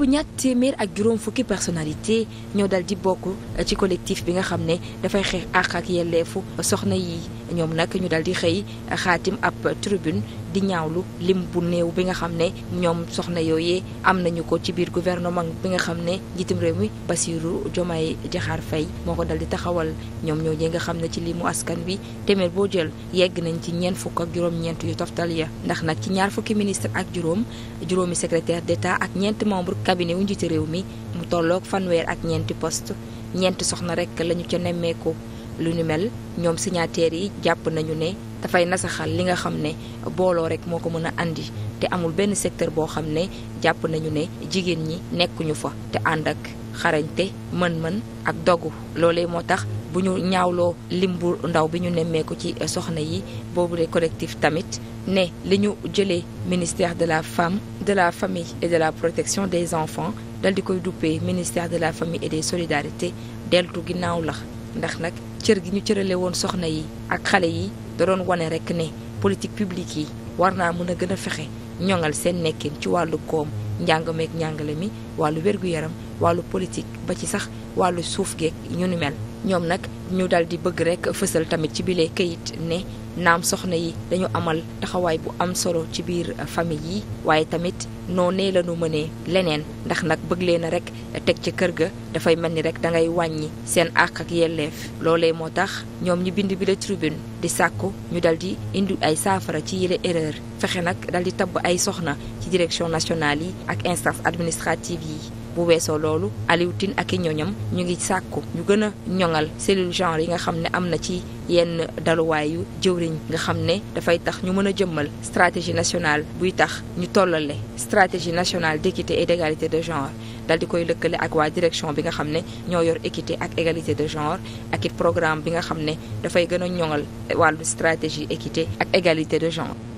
bu ñaar téeméer ak juróom fukki personnalité ñoo dal di bokk eh, ci collectif bi nga xam ne dafay xeex àq ak yelleefu soxna yi ñoom nag ñu dal di xëy xaatim ab tribune di ñaawlu lim bu néew bi nga xam ne ñoom soxna yooyee am nañu ko ci biir gouvernement bi nga xam ne njiitum réew mi Bassirou Diomaye jaxaar Faye moo ko dal di taxawal ñoom ñoo ñi nga xam ne ci limu askan bi téeméer boo jël yegg nañ ci ñeent fukk ak juróom-ñeent yu toftal ya ndax nag ci ñaar fukki ministre ak juróom juróomi secrétaire d'État ak ñeenti membre cabinet wu njiitu réew mi mu tolloog fanweer ak ñeenti post ñeenti soxna rek lañu ca nemmeeku lu ni mel ñoom signataires yi jàpp nañu ne dafay nasaxal li nga xam ne booloo rek moo ko mën a andi te amul benn secteur boo xam ne jàpp nañu ne jigéen ñi nekkuñu fa te ànd ak xarañte mën-mën ak dogu loolee moo tax bu ñu ñaawloo lim bu ndaw bi ñu nemmeeku ci soxna yi boobu le collectif tamit ne li ñu jëlee ministère de la femme de la famille et de la protection des enfants dal di koy duppee ministère de la famille et des solidarités deltu ginnaaw la ndax nag cër gi ñu cërale woon soxna yi ak xale yi da doon wane rek ne politique publique yi war naa mën a gën a fexe ñoŋal seen nekkin ci wàllu koom njàng meeg njàngale mi wàllu wérgu yaram wàllu politique ba ci sax wàllu suuf geeg ñu ni mel ñoom nag ñu dal di bëgg rek fësal tamit ci bile kayit ne naam soxna yi dañu amal taxawaay bu am solo ci biir famille yi waaye tamit noonee la ñu mënee leneen ndax nag bëgg leen a rek teg ci kër ga dafay mel ni rek da ngay wàññi seen àq ak yelleef loolee moo tax ñoom ñu bind bi la tribune di sàkku ñu dal di indi ay saafara ci yile erreur fexe nag dal di tabb ay soxna ci direction nationale yi ak instance administrative yi bu weesoo loolu Aliou ak i ñoñam ñu ngi sàkku ñu gën a ñoŋal cellule genre yi nga xam ne am na ci yenn daluwaayu jëwriñ nga xam ne dafay tax ñu mën a jëmmal stratégie nationale buy tax ñu tollale stratégie nationale d'équité et d'égalité de genre dal di koy lëkkale ak waa direction bi nga xam ne ñoo yor équité ak égalité de genre ak it programme bi nga xam ne dafay gën a ñoŋal wàllu stratégie équité ak égalité de genre